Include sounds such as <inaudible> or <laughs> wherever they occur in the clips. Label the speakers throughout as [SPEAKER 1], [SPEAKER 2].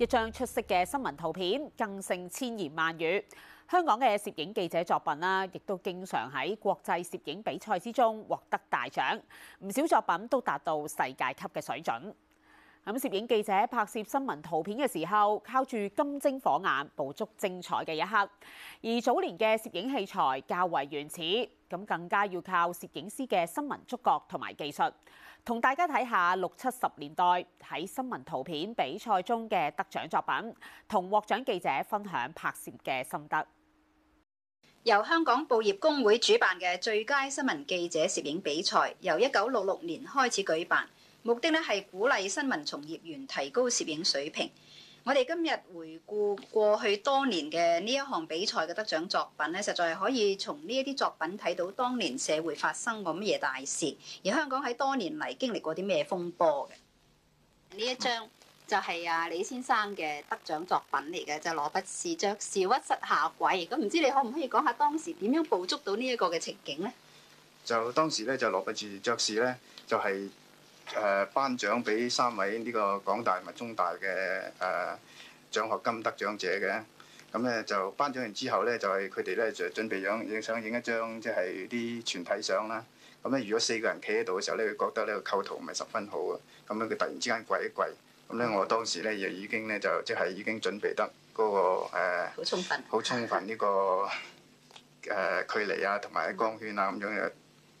[SPEAKER 1] 一張出色嘅新聞圖片，更勝千言萬語。香港嘅攝影記者作品啦，亦都經常喺國際攝影比賽之中獲得大獎，唔少作品都達到世界級嘅水準。咁攝影記者拍攝新聞圖片嘅時候，靠住金睛火眼，捕捉精彩嘅一刻。而早年嘅攝影器材較為原始，咁更加要靠攝影師嘅新聞觸覺同埋技術。同大家睇下六七十年代喺新聞圖片比賽中嘅得獎作品，同獲獎記者分享拍攝嘅心得。
[SPEAKER 2] 由香港報業公會主辦嘅最佳新聞記者攝影比賽，由一九六六年開始舉辦。目的咧係鼓勵新聞從業員提高攝影水平。我哋今日回顧過去多年嘅呢一項比賽嘅得獎作品咧，實在係可以從呢一啲作品睇到當年社會發生過乜嘢大事，而香港喺多年嚟經歷過啲咩風波嘅。呢、嗯、一張就係啊李先生嘅得獎作品嚟嘅，就係、羅弼時爵士屈膝下跪。咁唔知你可唔可以講下當時點樣捕捉到呢一個嘅情景呢？
[SPEAKER 3] 就當時咧就羅弼時爵士咧就係、是。誒頒獎俾三位呢、這個港大同埋中大嘅誒獎學金得獎者嘅，咁、嗯、咧就頒獎完之後咧，就係佢哋咧就準備影相想影一張即係啲全體相啦。咁、嗯、咧如果四個人企喺度嘅時候咧，佢覺得呢個構圖唔係十分好啊。咁咧佢突然之間跪一跪，咁、嗯、咧我當時咧又已經咧就即係、就是、已經準備得嗰、那個好、呃、充分好充分呢、這個
[SPEAKER 4] 誒 <laughs> 距離啊同埋光圈啊咁樣，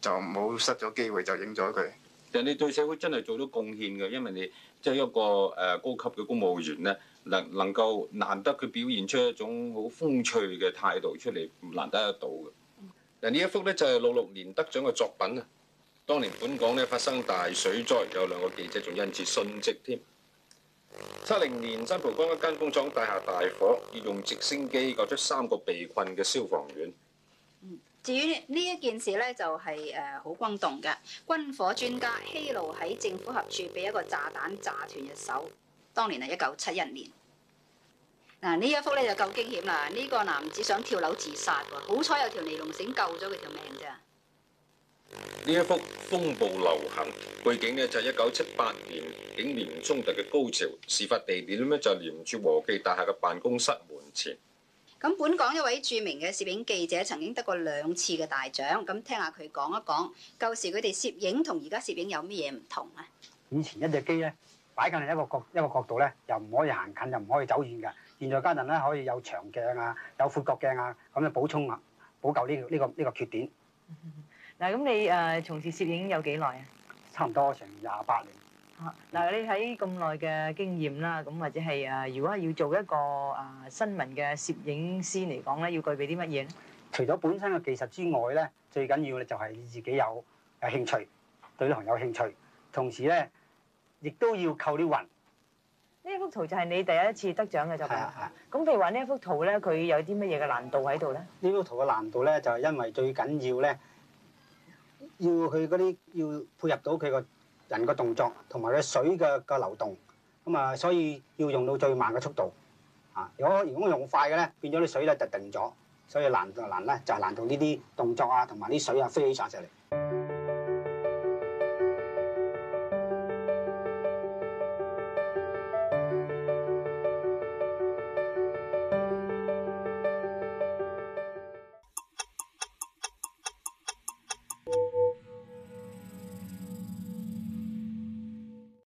[SPEAKER 4] 就冇失咗機會就影咗佢。人哋對社會真係做咗貢獻嘅，因為你即係、就是、一個誒、呃、高級嘅公務員咧，能能夠難得佢表現出一種好風趣嘅態度出嚟，唔難得得到嘅。嗱、嗯，呢一幅咧就係六六年得獎嘅作品啊！當年本港咧發生大水災，有兩個記者仲因此殉職添。七零年新蒲崗一間工廠大廈大火，要用直升機救出三個被困嘅消防員。
[SPEAKER 2] 嗯至於呢一件事咧，就係誒好轟動嘅，軍火專家希路喺政府合署俾一個炸彈炸斷隻手，當年係一九七一年。嗱，呢一幅咧就夠驚險啦！呢個男子想跳樓自殺喎，好彩有條尼龍繩救咗佢條命啫。
[SPEAKER 4] 呢一幅風暴流行背景呢就係一九七八年警廉衝突嘅高潮，事發地點咧就連住和記大廈嘅辦公室門前。
[SPEAKER 2] 咁本港一位著名嘅攝影記者曾經得過兩次嘅大獎，咁聽下佢講一講。舊時佢哋攝影同而家攝影有咩嘢唔同啊？
[SPEAKER 5] 以前一隻機咧擺近一個角，一個角度咧，又唔可以行近，又唔可以走遠㗎。現在家人咧可以有長鏡啊，有闊角鏡啊，咁就補充啊，補救呢個呢個呢個缺點。
[SPEAKER 3] 嗱， <laughs> 咁你誒從事攝影有幾耐啊？差唔多成廿八年。嗱，你喺咁耐嘅經驗啦，咁或者係誒，如果係要做一個誒新聞嘅攝影師嚟講咧，要具備啲乜嘢咧？
[SPEAKER 5] 除咗本身嘅技術之外咧，最緊要咧就係你自己有誒興趣，對呢行有興趣，同時咧亦都要靠啲運。
[SPEAKER 4] 呢一幅圖就係你
[SPEAKER 5] 第一次得獎嘅作品啦。咁譬如話呢一幅圖咧，佢有啲乜嘢嘅難度喺度咧？呢幅圖嘅難度咧，就係因為最緊要咧，要佢嗰啲要配合到佢個。人個動作同埋嘅水嘅嘅流動，咁啊，所以要用到最慢嘅速度，啊！如果如果用快嘅咧，變咗啲水咧就定咗，所以難就難咧，就係難到呢啲動作啊，同埋啲水啊飛起上嚟。